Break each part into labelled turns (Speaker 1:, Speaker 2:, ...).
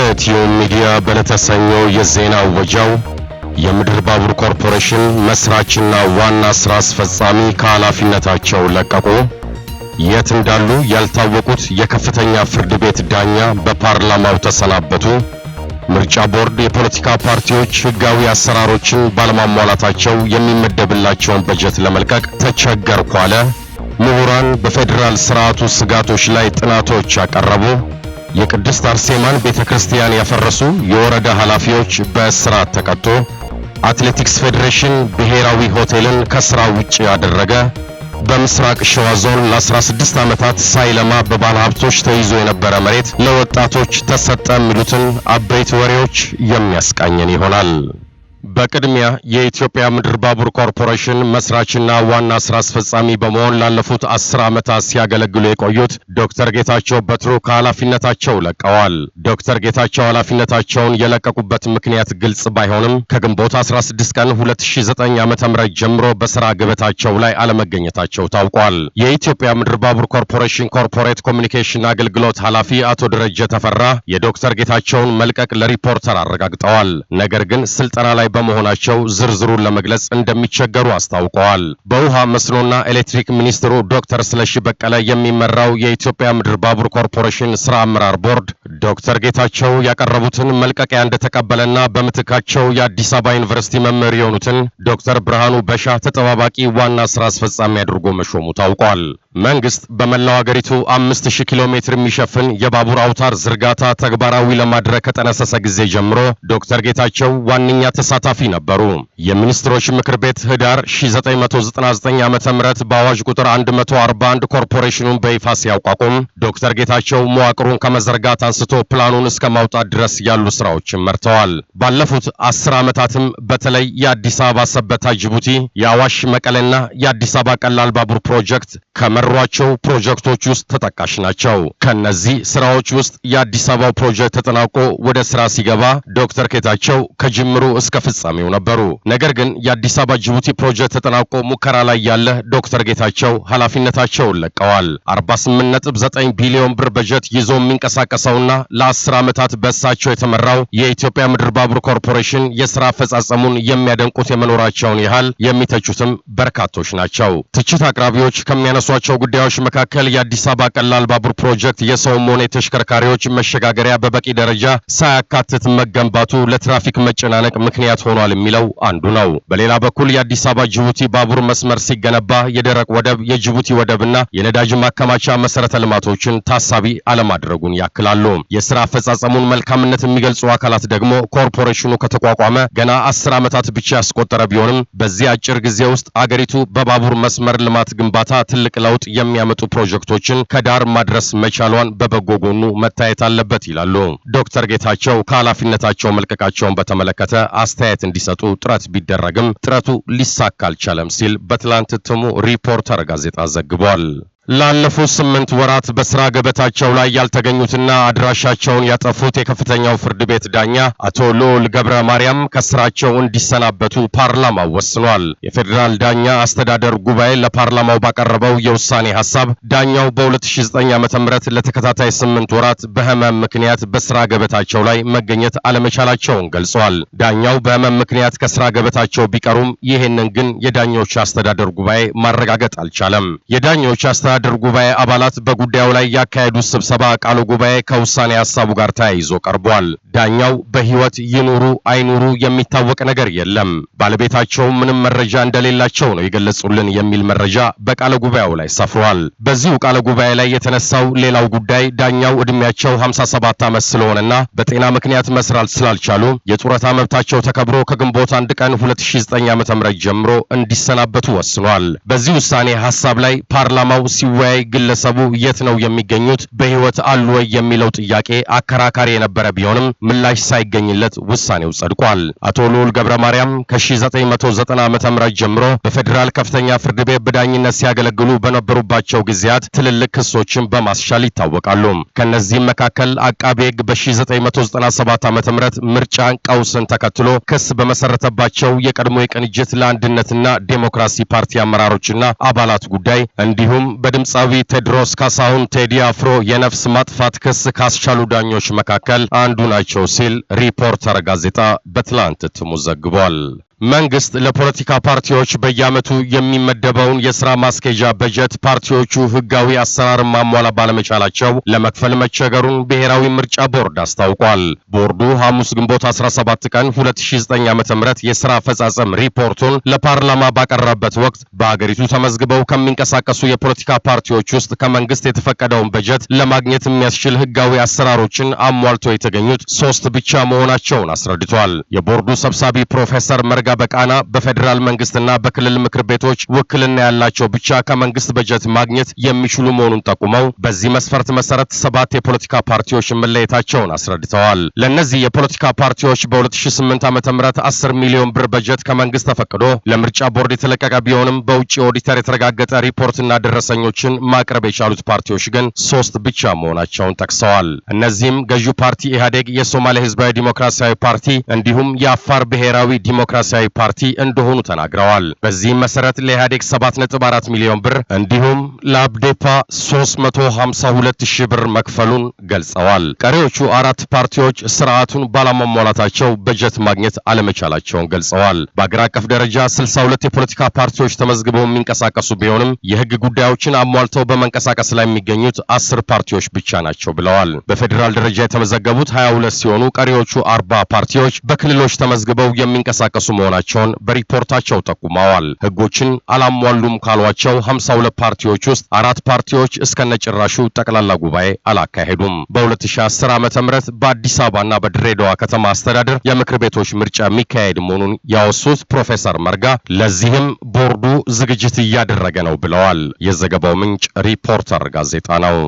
Speaker 1: ኢትዮን ሚዲያ በለተሰኘው የዜና ወጃው የምድር ባቡር ኮርፖሬሽን መስራችና ዋና ስራ አስፈጻሚ ከኃላፊነታቸው ለቀቁ፣ የት እንዳሉ ያልታወቁት የከፍተኛ ፍርድ ቤት ዳኛ በፓርላማው ተሰናበቱ፣ ምርጫ ቦርድ የፖለቲካ ፓርቲዎች ህጋዊ አሰራሮችን ባለማሟላታቸው የሚመደብላቸውን በጀት ለመልቀቅ ተቸገርኩ አለ። ምሁራን በፌዴራል ስርዓቱ ስጋቶች ላይ ጥናቶች ያቀረቡ። የቅድስት አርሴማን ቤተ ክርስቲያን ያፈረሱ የወረዳ ኃላፊዎች በእስራት ተቀጡ። አትሌቲክስ ፌዴሬሽን ብሔራዊ ሆቴልን ከሥራ ውጭ ያደረገ። በምስራቅ ሸዋ ዞን ለ16 ዓመታት ሳይለማ በባለ ሀብቶች ተይዞ የነበረ መሬት ለወጣቶች ተሰጠ የሚሉትን አበይት ወሬዎች የሚያስቃኘን ይሆናል። በቅድሚያ የኢትዮጵያ ምድር ባቡር ኮርፖሬሽን መስራችና ዋና ስራ አስፈጻሚ በመሆን ላለፉት አስር ዓመታት ሲያገለግሉ የቆዩት ዶክተር ጌታቸው በትሩ ከኃላፊነታቸው ለቀዋል። ዶክተር ጌታቸው ኃላፊነታቸውን የለቀቁበት ምክንያት ግልጽ ባይሆንም ከግንቦት 16 ቀን 2009 ዓ.ም ጀምሮ በስራ ገበታቸው ላይ አለመገኘታቸው ታውቋል። የኢትዮጵያ ምድር ባቡር ኮርፖሬሽን ኮርፖሬት ኮሚኒኬሽን አገልግሎት ኃላፊ አቶ ደረጀ ተፈራ የዶክተር ጌታቸውን መልቀቅ ለሪፖርተር አረጋግጠዋል። ነገር ግን ስልጠና ላይ በ በመሆናቸው ዝርዝሩን ለመግለጽ እንደሚቸገሩ አስታውቀዋል። በውሃ መስኖና ኤሌክትሪክ ሚኒስትሩ ዶክተር ስለሺ በቀለ የሚመራው የኢትዮጵያ ምድር ባቡር ኮርፖሬሽን ስራ አመራር ቦርድ ዶክተር ጌታቸው ያቀረቡትን መልቀቂያ እንደተቀበለና በምትካቸው የአዲስ አበባ ዩኒቨርሲቲ መምህር የሆኑትን ዶክተር ብርሃኑ በሻ ተጠባባቂ ዋና ስራ አስፈጻሚ አድርጎ መሾሙ ታውቋል። መንግስት በመላው አገሪቱ አምስት ሺህ ኪሎ ሜትር የሚሸፍን የባቡር አውታር ዝርጋታ ተግባራዊ ለማድረግ ከጠነሰሰ ጊዜ ጀምሮ ዶክተር ጌታቸው ዋነኛ ተሳታፊ ኃላፊ ነበሩ። የሚኒስትሮች ምክር ቤት ህዳር 1999 ዓ ም በአዋጅ ቁጥር 141 ኮርፖሬሽኑን በይፋ ሲያቋቁም ዶክተር ጌታቸው መዋቅሩን ከመዘርጋት አንስቶ ፕላኑን እስከ ማውጣት ድረስ ያሉ ስራዎችን መርተዋል። ባለፉት አስር ዓመታትም በተለይ የአዲስ አበባ ሰበታ ጅቡቲ፣ የአዋሽ መቀሌና የአዲስ አበባ ቀላል ባቡር ፕሮጀክት ከመሯቸው ፕሮጀክቶች ውስጥ ተጠቃሽ ናቸው። ከነዚህ ስራዎች ውስጥ የአዲስ አበባው ፕሮጀክት ተጠናቆ ወደ ስራ ሲገባ ዶክተር ጌታቸው ከጅምሩ እስከ ፍጻሜው ነበሩ። ነገር ግን የአዲስ አበባ ጅቡቲ ፕሮጀክት ተጠናቆ ሙከራ ላይ ያለ ዶክተር ጌታቸው ኃላፊነታቸውን ለቀዋል። 48.9 ቢሊዮን ብር በጀት ይዞ የሚንቀሳቀሰውና ለ10 ዓመታት በእሳቸው የተመራው የኢትዮጵያ ምድር ባቡር ኮርፖሬሽን የሥራ አፈጻጸሙን የሚያደንቁት የመኖራቸውን ያህል የሚተቹትም በርካቶች ናቸው። ትችት አቅራቢዎች ከሚያነሷቸው ጉዳዮች መካከል የአዲስ አበባ ቀላል ባቡር ፕሮጀክት የሰውም ሆነ የተሽከርካሪዎች መሸጋገሪያ በበቂ ደረጃ ሳያካትት መገንባቱ ለትራፊክ መጨናነቅ ምክንያት ሆኗል የሚለው አንዱ ነው። በሌላ በኩል የአዲስ አበባ ጅቡቲ ባቡር መስመር ሲገነባ የደረቅ ወደብ የጅቡቲ ወደብና የነዳጅ ማከማቻ መሰረተ ልማቶችን ታሳቢ አለማድረጉን ያክላሉ። የስራ አፈጻጸሙን መልካምነት የሚገልጹ አካላት ደግሞ ኮርፖሬሽኑ ከተቋቋመ ገና አስር ዓመታት ብቻ ያስቆጠረ ቢሆንም በዚህ አጭር ጊዜ ውስጥ አገሪቱ በባቡር መስመር ልማት ግንባታ ትልቅ ለውጥ የሚያመጡ ፕሮጀክቶችን ከዳር ማድረስ መቻሏን በበጎ ጎኑ መታየት አለበት ይላሉ ዶክተር ጌታቸው ከኃላፊነታቸው መልቀቃቸውን በተመለከተ አስተያየት አስተያየት እንዲሰጡ ጥረት ቢደረግም ጥረቱ ሊሳካ አልቻለም ሲል በትላንት እትሙ ሪፖርተር ጋዜጣ ዘግቧል። ላለፉት ስምንት ወራት በስራ ገበታቸው ላይ ያልተገኙትና አድራሻቸውን ያጠፉት የከፍተኛው ፍርድ ቤት ዳኛ አቶ ልዑል ገብረ ማርያም ከስራቸው እንዲሰናበቱ ፓርላማው ወስኗል። የፌዴራል ዳኛ አስተዳደር ጉባኤ ለፓርላማው ባቀረበው የውሳኔ ሀሳብ ዳኛው በ2009 ዓ ም ለተከታታይ ስምንት ወራት በህመም ምክንያት በስራ ገበታቸው ላይ መገኘት አለመቻላቸውን ገልጿል። ዳኛው በህመም ምክንያት ከስራ ገበታቸው ቢቀሩም ይህንን ግን የዳኞች አስተዳደር ጉባኤ ማረጋገጥ አልቻለም። የዳኞች አስተዳደር ጉባኤ አባላት በጉዳዩ ላይ ያካሄዱት ስብሰባ ቃለ ጉባኤ ከውሳኔ ሀሳቡ ጋር ተያይዞ ቀርቧል። ዳኛው በህይወት ይኑሩ አይኑሩ የሚታወቅ ነገር የለም፣ ባለቤታቸው ምንም መረጃ እንደሌላቸው ነው የገለጹልን የሚል መረጃ በቃለ ጉባኤው ላይ ሰፍሯል። በዚሁ ቃለ ጉባኤ ላይ የተነሳው ሌላው ጉዳይ ዳኛው ዕድሜያቸው 57 ዓመት ስለሆነና በጤና ምክንያት መስራት ስላልቻሉ የጡረታ መብታቸው ተከብሮ ከግንቦት አንድ ቀን 2009 ዓ.ም ጀምሮ እንዲሰናበቱ ወስኗል። በዚህ ውሳኔ ሀሳብ ላይ ፓርላማው ሲ ሲወያይ ግለሰቡ የት ነው የሚገኙት በህይወት አሉ ወይ የሚለው ጥያቄ አከራካሪ የነበረ ቢሆንም ምላሽ ሳይገኝለት ውሳኔው ጸድቋል። አቶ ልዑል ገብረ ማርያም ከ1990 ዓ ም ጀምሮ በፌዴራል ከፍተኛ ፍርድ ቤት በዳኝነት ሲያገለግሉ በነበሩባቸው ጊዜያት ትልልቅ ክሶችን በማስቻል ይታወቃሉ። ከእነዚህም መካከል አቃቤ ህግ በ1997 ዓ ም ምርጫ ቀውስን ተከትሎ ክስ በመሰረተባቸው የቀድሞ የቅንጅት ለአንድነትና ዴሞክራሲ ፓርቲ አመራሮችና አባላት ጉዳይ እንዲሁም በድምፃዊ ቴድሮስ ካሳሁን ቴዲ አፍሮ የነፍስ ማጥፋት ክስ ካስቻሉ ዳኞች መካከል አንዱ ናቸው ሲል ሪፖርተር ጋዜጣ በትላንት እትሙ ዘግቧል። መንግስት ለፖለቲካ ፓርቲዎች በየዓመቱ የሚመደበውን የስራ ማስኬጃ በጀት ፓርቲዎቹ ህጋዊ አሰራር ማሟላ ባለመቻላቸው ለመክፈል መቸገሩን ብሔራዊ ምርጫ ቦርድ አስታውቋል። ቦርዱ ሐሙስ ግንቦት 17 ቀን 2009 ዓ.ም የስራ አፈጻጸም ሪፖርቱን ለፓርላማ ባቀረበበት ወቅት በአገሪቱ ተመዝግበው ከሚንቀሳቀሱ የፖለቲካ ፓርቲዎች ውስጥ ከመንግስት የተፈቀደውን በጀት ለማግኘት የሚያስችል ህጋዊ አሰራሮችን አሟልቶ የተገኙት ሶስት ብቻ መሆናቸውን አስረድቷል። የቦርዱ ሰብሳቢ ፕሮፌሰር መርጋ በጅጅጋ፣ በቃና በፌዴራል መንግስትና በክልል ምክር ቤቶች ውክልና ያላቸው ብቻ ከመንግስት በጀት ማግኘት የሚችሉ መሆኑን ጠቁመው በዚህ መስፈርት መሰረት ሰባት የፖለቲካ ፓርቲዎች መለየታቸውን አስረድተዋል። ለእነዚህ የፖለቲካ ፓርቲዎች በ2008 ዓ ም 10 ሚሊዮን ብር በጀት ከመንግስት ተፈቅዶ ለምርጫ ቦርድ የተለቀቀ ቢሆንም በውጭ ኦዲተር የተረጋገጠ ሪፖርትና ደረሰኞችን ማቅረብ የቻሉት ፓርቲዎች ግን ሶስት ብቻ መሆናቸውን ጠቅሰዋል። እነዚህም ገዢው ፓርቲ ኢህአዴግ፣ የሶማሌ ህዝባዊ ዲሞክራሲያዊ ፓርቲ እንዲሁም የአፋር ብሔራዊ ዲሞክራሲያዊ ተወካይ ፓርቲ እንደሆኑ ተናግረዋል። በዚህም መሰረት ለኢህአዴግ 7.4 ሚሊዮን ብር እንዲሁም ለአብዴፓ 352 ሺህ ብር መክፈሉን ገልጸዋል። ቀሪዎቹ አራት ፓርቲዎች ስርዓቱን ባለማሟላታቸው በጀት ማግኘት አለመቻላቸውን ገልጸዋል። በአገር አቀፍ ደረጃ 62 የፖለቲካ ፓርቲዎች ተመዝግበው የሚንቀሳቀሱ ቢሆንም የህግ ጉዳዮችን አሟልተው በመንቀሳቀስ ላይ የሚገኙት አስር ፓርቲዎች ብቻ ናቸው ብለዋል። በፌዴራል ደረጃ የተመዘገቡት 22 ሲሆኑ ቀሪዎቹ አርባ ፓርቲዎች በክልሎች ተመዝግበው የሚንቀሳቀሱ መሆ መሆናቸውን በሪፖርታቸው ጠቁመዋል። ህጎችን አላሟሉም ካሏቸው 52 ፓርቲዎች ውስጥ አራት ፓርቲዎች እስከነጭራሹ ጠቅላላ ጉባኤ አላካሄዱም። በ2010 ዓ ም በአዲስ አበባና በድሬዳዋ ከተማ አስተዳደር የምክር ቤቶች ምርጫ የሚካሄድ መሆኑን ያወሱት ፕሮፌሰር መርጋ ለዚህም ቦርዱ ዝግጅት እያደረገ ነው ብለዋል። የዘገባው ምንጭ ሪፖርተር ጋዜጣ ነው።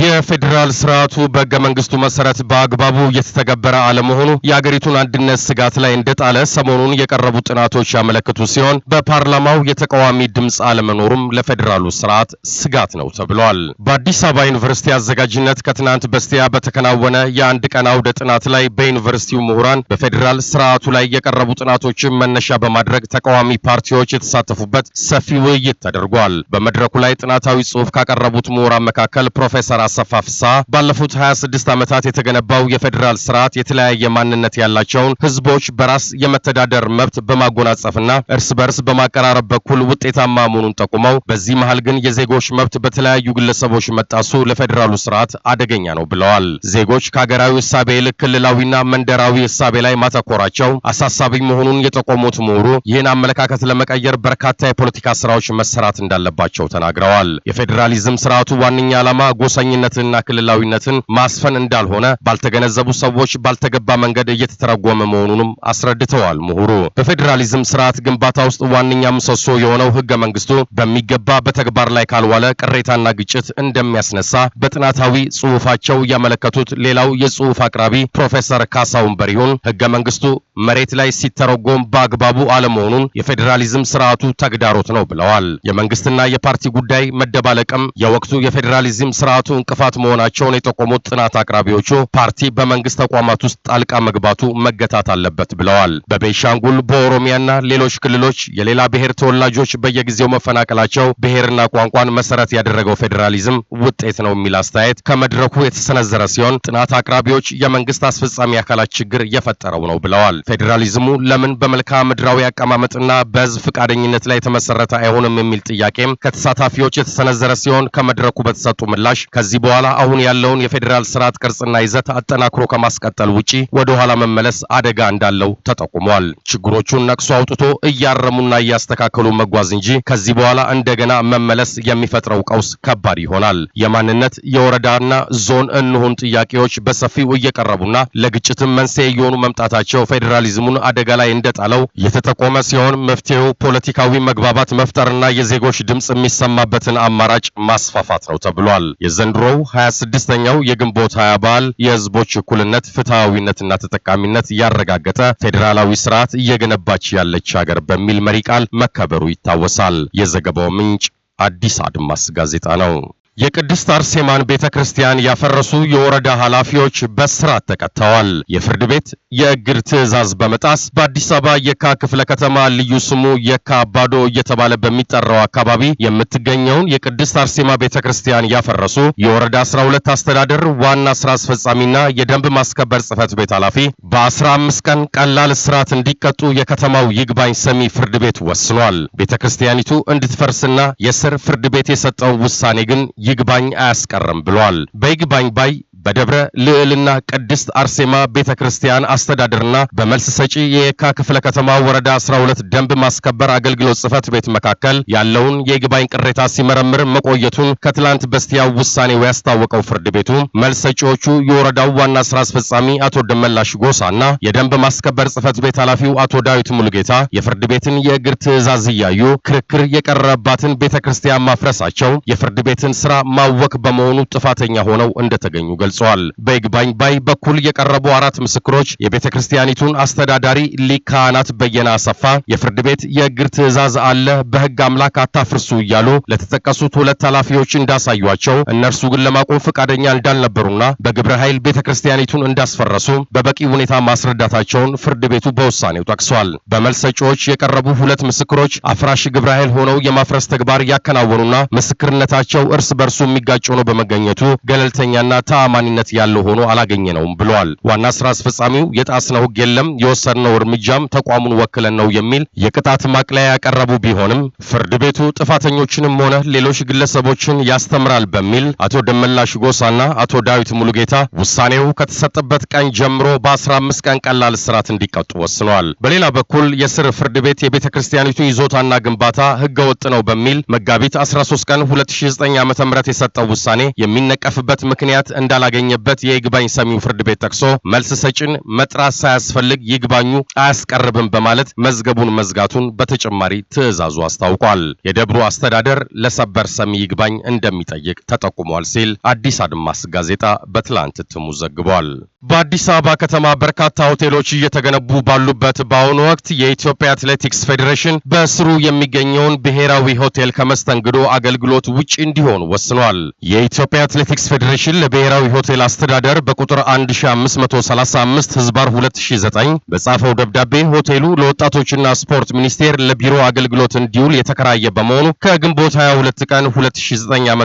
Speaker 1: የፌዴራል ስርዓቱ በህገ መንግስቱ መሰረት በአግባቡ እየተተገበረ አለመሆኑ የአገሪቱን አንድነት ስጋት ላይ እንደጣለ ሰሞኑን የቀረቡ ጥናቶች ያመለክቱ ሲሆን በፓርላማው የተቃዋሚ ድምፅ አለመኖሩም ለፌዴራሉ ስርዓት ስጋት ነው ተብሏል። በአዲስ አበባ ዩኒቨርሲቲ አዘጋጅነት ከትናንት በስቲያ በተከናወነ የአንድ ቀን አውደ ጥናት ላይ በዩኒቨርሲቲው ምሁራን በፌዴራል ስርዓቱ ላይ የቀረቡ ጥናቶችን መነሻ በማድረግ ተቃዋሚ ፓርቲዎች የተሳተፉበት ሰፊ ውይይት ተደርጓል። በመድረኩ ላይ ጥናታዊ ጽሑፍ ካቀረቡት ምሁራን መካከል ፕሮፌሰር አሰፋ ፍስሐ ባለፉት 26 ዓመታት የተገነባው የፌዴራል ስርዓት የተለያየ ማንነት ያላቸውን ህዝቦች በራስ የመተዳደር መብት በማጎናጸፍና እርስ በርስ በማቀራረብ በኩል ውጤታማ መሆኑን ጠቁመው በዚህ መሃል ግን የዜጎች መብት በተለያዩ ግለሰቦች መጣሱ ለፌዴራሉ ስርዓት አደገኛ ነው ብለዋል። ዜጎች ከሀገራዊ እሳቤ ይልቅ ክልላዊና መንደራዊ እሳቤ ላይ ማተኮራቸው አሳሳቢ መሆኑን የጠቆሙት ምሁሩ ይህን አመለካከት ለመቀየር በርካታ የፖለቲካ ስራዎች መሰራት እንዳለባቸው ተናግረዋል። የፌዴራሊዝም ስርዓቱ ዋነኛ ዓላማ ጎሰኛ ብሔርተኝነትንና ክልላዊነትን ማስፈን እንዳልሆነ ባልተገነዘቡ ሰዎች ባልተገባ መንገድ እየተተረጎመ መሆኑንም አስረድተዋል ምሁሩ። በፌዴራሊዝም ስርዓት ግንባታ ውስጥ ዋነኛ ምሰሶ የሆነው ህገ መንግስቱ በሚገባ በተግባር ላይ ካልዋለ ቅሬታና ግጭት እንደሚያስነሳ በጥናታዊ ጽሁፋቸው ያመለከቱት ሌላው የጽሁፍ አቅራቢ ፕሮፌሰር ካሳውን በሪሁን ህገ መንግስቱ መሬት ላይ ሲተረጎም በአግባቡ አለመሆኑን የፌዴራሊዝም ስርዓቱ ተግዳሮት ነው ብለዋል። የመንግስትና የፓርቲ ጉዳይ መደባለቅም የወቅቱ የፌዴራሊዝም ስርዓቱ እንቅፋት መሆናቸውን የጠቆሙት ጥናት አቅራቢዎቹ ፓርቲ በመንግስት ተቋማት ውስጥ ጣልቃ መግባቱ መገታት አለበት ብለዋል። በቤንሻንጉል በኦሮሚያና ሌሎች ክልሎች የሌላ ብሔር ተወላጆች በየጊዜው መፈናቀላቸው ብሔርና ቋንቋን መሰረት ያደረገው ፌዴራሊዝም ውጤት ነው የሚል አስተያየት ከመድረኩ የተሰነዘረ ሲሆን ጥናት አቅራቢዎች የመንግስት አስፈጻሚ አካላት ችግር እየፈጠረው ነው ብለዋል። ፌዴራሊዝሙ ለምን በመልክዓ ምድራዊ አቀማመጥና በህዝብ ፈቃደኝነት ላይ የተመሰረተ አይሆንም የሚል ጥያቄም ከተሳታፊዎች የተሰነዘረ ሲሆን ከመድረኩ በተሰጡ ምላሽ ከዚህ በኋላ አሁን ያለውን የፌዴራል ስርዓት ቅርጽና ይዘት አጠናክሮ ከማስቀጠል ውጪ ወደ ኋላ መመለስ አደጋ እንዳለው ተጠቁሟል። ችግሮቹን ነቅሶ አውጥቶ እያረሙና እያስተካከሉ መጓዝ እንጂ ከዚህ በኋላ እንደገና መመለስ የሚፈጥረው ቀውስ ከባድ ይሆናል። የማንነት የወረዳና ዞን እንሁን ጥያቄዎች በሰፊው እየቀረቡና ለግጭትም መንስኤ እየሆኑ መምጣታቸው ፌዴራሊዝሙን አደጋ ላይ እንደጣለው የተጠቆመ ሲሆን መፍትሄው ፖለቲካዊ መግባባት መፍጠርና የዜጎች ድምፅ የሚሰማበትን አማራጭ ማስፋፋት ነው ተብሏል። የዘንድሮው 26ኛው የግንቦት ሀያ በዓል የህዝቦች እኩልነት ፍትሐዊነትና ተጠቃሚነት ያረጋገጠ ፌዴራላዊ ስርዓት እየገነባች ያለች ሀገር በሚል መሪ ቃል መከበሩ ይታወሳል። የዘገባው ምንጭ አዲስ አድማስ ጋዜጣ ነው። የቅድስት አርሴማን ቤተ ክርስቲያን ያፈረሱ የወረዳ ኃላፊዎች በስራት ተቀጥተዋል። የፍርድ ቤት የእግድ ትዕዛዝ በመጣስ በአዲስ አበባ የካ ክፍለ ከተማ ልዩ ስሙ የካ አባዶ እየተባለ በሚጠራው አካባቢ የምትገኘውን የቅድስት አርሴማ ቤተ ክርስቲያን ያፈረሱ የወረዳ 12 አስተዳደር ዋና ስራ አስፈጻሚና የደንብ ማስከበር ጽህፈት ቤት ኃላፊ በ15 ቀን ቀላል እስራት እንዲቀጡ የከተማው ይግባኝ ሰሚ ፍርድ ቤት ወስኗል። ቤተ ክርስቲያኒቱ እንድትፈርስና የስር ፍርድ ቤት የሰጠው ውሳኔ ግን ይግባኝ አያስቀርም ብሏል። በይግባኝ ባይ በደብረ ልዕልና ቅድስት አርሴማ ቤተ ክርስቲያን አስተዳደርና በመልስ ሰጪ የየካ ክፍለ ከተማ ወረዳ 12 ደንብ ማስከበር አገልግሎት ጽህፈት ቤት መካከል ያለውን የይግባኝ ቅሬታ ሲመረምር መቆየቱን ከትላንት በስቲያው ውሳኔው ያስታወቀው ፍርድ ቤቱ መልስ ሰጪዎቹ የወረዳው ዋና ስራ አስፈጻሚ አቶ ደመላሽ ጎሳና የደንብ ማስከበር ጽሕፈት ቤት ኃላፊው አቶ ዳዊት ሙሉጌታ የፍርድ ቤትን የእግር ትዕዛዝ እያዩ ክርክር የቀረበባትን ቤተ ክርስቲያን ማፍረሳቸው የፍርድ ቤትን ስራ ማወክ በመሆኑ ጥፋተኛ ሆነው እንደተገኙ ገልጸዋል። ገልጿል። በይግባኝ ባይ በኩል የቀረቡ አራት ምስክሮች የቤተ ክርስቲያኒቱን አስተዳዳሪ ሊቅ ካህናት በየነ አሰፋ የፍርድ ቤት የእግር ትዕዛዝ አለ፣ በህግ አምላክ አታፍርሱ እያሉ ለተጠቀሱት ሁለት ኃላፊዎች እንዳሳዩቸው እነርሱ ግን ለማቆም ፈቃደኛ እንዳልነበሩና በግብረ ኃይል ቤተ ክርስቲያኒቱን እንዳስፈረሱ በበቂ ሁኔታ ማስረዳታቸውን ፍርድ ቤቱ በውሳኔው ጠቅሷል። በመልስ ሰጪዎች የቀረቡ ሁለት ምስክሮች አፍራሽ ግብረ ኃይል ሆነው የማፍረስ ተግባር ያከናወኑና ምስክርነታቸው እርስ በርሱ የሚጋጭ ሆኖ በመገኘቱ ገለልተኛና ተአማኒ ተአማኒነት ያለው ሆኖ አላገኘ ነውም ብለዋል። ዋና ስራ አስፈጻሚው የጣስነው ህግ የለም የወሰድነው እርምጃም ተቋሙን ወክለን ነው የሚል የቅጣት ማቅለያ ያቀረቡ ቢሆንም ፍርድ ቤቱ ጥፋተኞችንም ሆነ ሌሎች ግለሰቦችን ያስተምራል በሚል አቶ ደመላሽ ጎሳና አቶ ዳዊት ሙሉጌታ ውሳኔው ከተሰጠበት ቀን ጀምሮ በ15 ቀን ቀላል እስራት እንዲቀጡ ወስኗል። በሌላ በኩል የስር ፍርድ ቤት የቤተ ክርስቲያኒቱ ይዞታና ግንባታ ህገ ወጥ ነው በሚል መጋቢት 13 ቀን 2009 ዓ.ም የሰጠው ውሳኔ የሚነቀፍበት ምክንያት እንዳላ ባገኘበት የይግባኝ ሰሚው ፍርድ ቤት ጠቅሶ መልስ ሰጪን መጥራት ሳያስፈልግ ይግባኙ አያስቀርብም በማለት መዝገቡን መዝጋቱን በተጨማሪ ትዕዛዙ አስታውቋል። የደብሩ አስተዳደር ለሰበር ሰሚ ይግባኝ እንደሚጠይቅ ተጠቁሟል ሲል አዲስ አድማስ ጋዜጣ በትላንት እትሙ ዘግቧል። በአዲስ አበባ ከተማ በርካታ ሆቴሎች እየተገነቡ ባሉበት በአሁኑ ወቅት የኢትዮጵያ አትሌቲክስ ፌዴሬሽን በስሩ የሚገኘውን ብሔራዊ ሆቴል ከመስተንግዶ አገልግሎት ውጪ እንዲሆን ወስኗል። የኢትዮጵያ አትሌቲክስ ፌዴሬሽን ለብሔራዊ ሆቴል አስተዳደር በቁጥር 1535 ህዝባር 2009 በጻፈው ደብዳቤ ሆቴሉ ለወጣቶችና ስፖርት ሚኒስቴር ለቢሮ አገልግሎት እንዲውል የተከራየ በመሆኑ ከግንቦት 22 ቀን 2009 ዓ.ም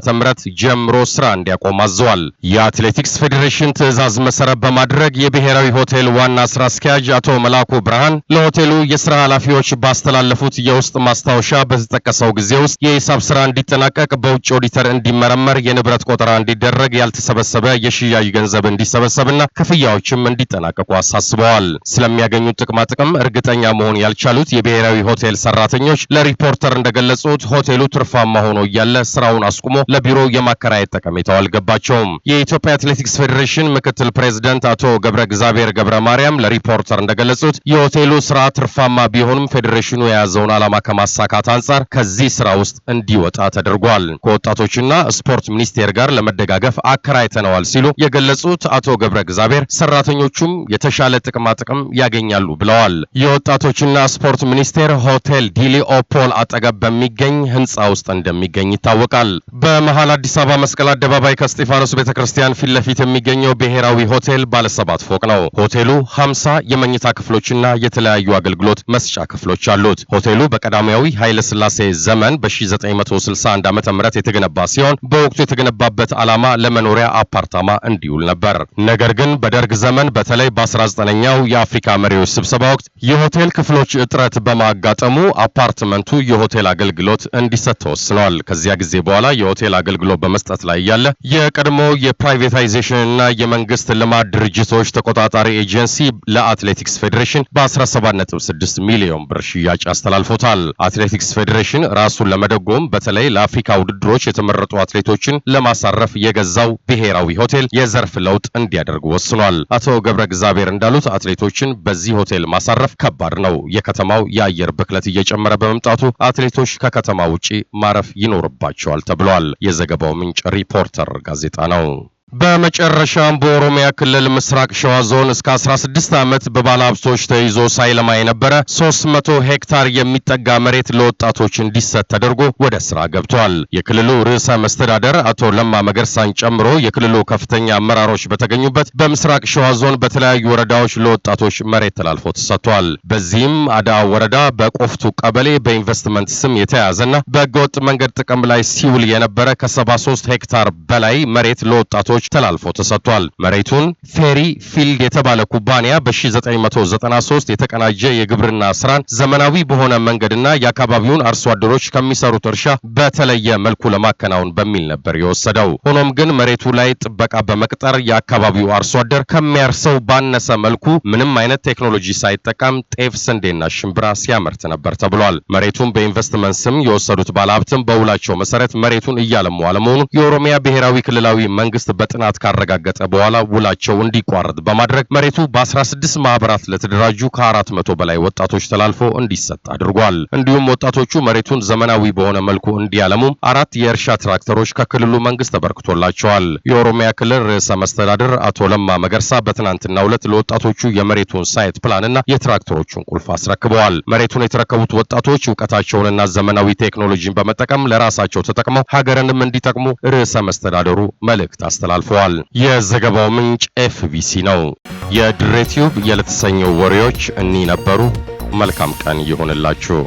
Speaker 1: ጀምሮ ስራ እንዲያቆም አዘዋል። የአትሌቲክስ ፌዴሬሽን ትዕዛዝ መሰረት በማድረግ የብሔራዊ ሆቴል ዋና ስራ አስኪያጅ አቶ መላኩ ብርሃን ለሆቴሉ የስራ ኃላፊዎች ባስተላለፉት የውስጥ ማስታወሻ በተጠቀሰው ጊዜ ውስጥ የሂሳብ ስራ እንዲጠናቀቅ፣ በውጭ ኦዲተር እንዲመረመር፣ የንብረት ቆጠራ እንዲደረግ፣ ያልተሰበሰበ የሽያጭ ገንዘብ እንዲሰበሰብና ክፍያዎችም እንዲጠናቀቁ አሳስበዋል። ስለሚያገኙት ጥቅማ ጥቅም እርግጠኛ መሆን ያልቻሉት የብሔራዊ ሆቴል ሰራተኞች ለሪፖርተር እንደገለጹት ሆቴሉ ትርፋማ ሆኖ እያለ ስራውን አስቁሞ ለቢሮ የማከራየት ጠቀሜታው አልገባቸውም። የኢትዮጵያ አትሌቲክስ ፌዴሬሽን ምክትል ፕሬዚደንት አቶ ገብረ እግዚአብሔር ገብረ ማርያም ለሪፖርተር እንደገለጹት የሆቴሉ ስራ ትርፋማ ቢሆንም ፌዴሬሽኑ የያዘውን ዓላማ ከማሳካት አንጻር ከዚህ ስራ ውስጥ እንዲወጣ ተደርጓል። ከወጣቶችና ስፖርት ሚኒስቴር ጋር ለመደጋገፍ አከራይተነዋል ሲሉ የገለጹት አቶ ገብረ እግዚአብሔር ሰራተኞቹም የተሻለ ጥቅማ ጥቅም ያገኛሉ ብለዋል። የወጣቶችና ስፖርት ሚኒስቴር ሆቴል ዲሊ ኦፖል አጠገብ በሚገኝ ህንፃ ውስጥ እንደሚገኝ ይታወቃል። በመሃል አዲስ አበባ መስቀል አደባባይ ከስጢፋኖስ ቤተ ክርስቲያን ፊት ለፊት የሚገኘው ብሔራዊ ሆቴል ባለሰባት ፎቅ ነው። ሆቴሉ ሀምሳ የመኝታ ክፍሎችና የተለያዩ አገልግሎት መስጫ ክፍሎች አሉት። ሆቴሉ በቀዳማዊ ኃይለ ስላሴ ዘመን በ1961 ዓ ም የተገነባ ሲሆን በወቅቱ የተገነባበት ዓላማ ለመኖሪያ አፓርታ ዓላማ እንዲውል ነበር። ነገር ግን በደርግ ዘመን በተለይ በ19ኛው የአፍሪካ መሪዎች ስብሰባ ወቅት የሆቴል ክፍሎች እጥረት በማጋጠሙ አፓርትመንቱ የሆቴል አገልግሎት እንዲሰጥ ተወስኗል። ከዚያ ጊዜ በኋላ የሆቴል አገልግሎት በመስጠት ላይ ያለ የቀድሞ የፕራይቬታይዜሽንና የመንግስት ልማት ድርጅቶች ተቆጣጣሪ ኤጀንሲ ለአትሌቲክስ ፌዴሬሽን በ176 ሚሊዮን ብር ሽያጭ አስተላልፎታል። አትሌቲክስ ፌዴሬሽን ራሱን ለመደጎም በተለይ ለአፍሪካ ውድድሮች የተመረጡ አትሌቶችን ለማሳረፍ የገዛው ብሔራዊ ሆ ሆቴል የዘርፍ ለውጥ እንዲያደርጉ ወስኗል። አቶ ገብረ እግዚአብሔር እንዳሉት አትሌቶችን በዚህ ሆቴል ማሳረፍ ከባድ ነው። የከተማው የአየር ብክለት እየጨመረ በመምጣቱ አትሌቶች ከከተማ ውጪ ማረፍ ይኖርባቸዋል ተብሏል። የዘገባው ምንጭ ሪፖርተር ጋዜጣ ነው። በመጨረሻም በኦሮሚያ ክልል ምስራቅ ሸዋ ዞን እስከ 16 ዓመት በባለሀብቶች ተይዞ ሳይለማ የነበረ 300 ሄክታር የሚጠጋ መሬት ለወጣቶች እንዲሰጥ ተደርጎ ወደ ስራ ገብቷል። የክልሉ ርዕሰ መስተዳደር አቶ ለማ መገርሳን ጨምሮ የክልሉ ከፍተኛ አመራሮች በተገኙበት በምስራቅ ሸዋ ዞን በተለያዩ ወረዳዎች ለወጣቶች መሬት ተላልፎ ተሰጥቷል። በዚህም አዳ ወረዳ በቆፍቱ ቀበሌ በኢንቨስትመንት ስም የተያዘና በህገወጥ መንገድ ጥቅም ላይ ሲውል የነበረ ከ73 ሄክታር በላይ መሬት ለወጣቶች ለግለሰቦች ተላልፎ ተሰጥቷል። መሬቱን ፌሪ ፊልድ የተባለ ኩባንያ በ1993 የተቀናጀ የግብርና ስራን ዘመናዊ በሆነ መንገድና የአካባቢውን አርሶ አደሮች ከሚሰሩት እርሻ በተለየ መልኩ ለማከናወን በሚል ነበር የወሰደው። ሆኖም ግን መሬቱ ላይ ጥበቃ በመቅጠር የአካባቢው አርሶ አደር ከሚያርሰው ባነሰ መልኩ ምንም አይነት ቴክኖሎጂ ሳይጠቀም ጤፍ፣ ስንዴና ሽምብራ ሲያመርት ነበር ተብሏል። መሬቱን በኢንቨስትመንት ስም የወሰዱት ባለሀብትም በውላቸው መሰረት መሬቱን እያለሙ አለመሆኑ የኦሮሚያ ብሔራዊ ክልላዊ መንግስት በጥናት ካረጋገጠ በኋላ ውላቸው እንዲቋረጥ በማድረግ መሬቱ በ16 ማህበራት ለተደራጁ ከአራት መቶ በላይ ወጣቶች ተላልፎ እንዲሰጥ አድርጓል። እንዲሁም ወጣቶቹ መሬቱን ዘመናዊ በሆነ መልኩ እንዲያለሙ አራት የእርሻ ትራክተሮች ከክልሉ መንግስት ተበርክቶላቸዋል። የኦሮሚያ ክልል ርዕሰ መስተዳድር አቶ ለማ መገርሳ በትናንትናው ዕለት ለወጣቶቹ የመሬቱን ሳይት ፕላንና የትራክተሮቹን ቁልፍ አስረክበዋል። መሬቱን የተረከቡት ወጣቶች እውቀታቸውንና ዘመናዊ ቴክኖሎጂን በመጠቀም ለራሳቸው ተጠቅመው ሀገርንም እንዲጠቅሙ ርዕሰ መስተዳደሩ መልእክት አስተላል አልፈዋል። የዘገባው ምንጭ ኤፍቢሲ ነው። የድሬ ቲዩብ የለተሰኘው ወሬዎች እኒህ ነበሩ። መልካም ቀን ይሆንላችሁ።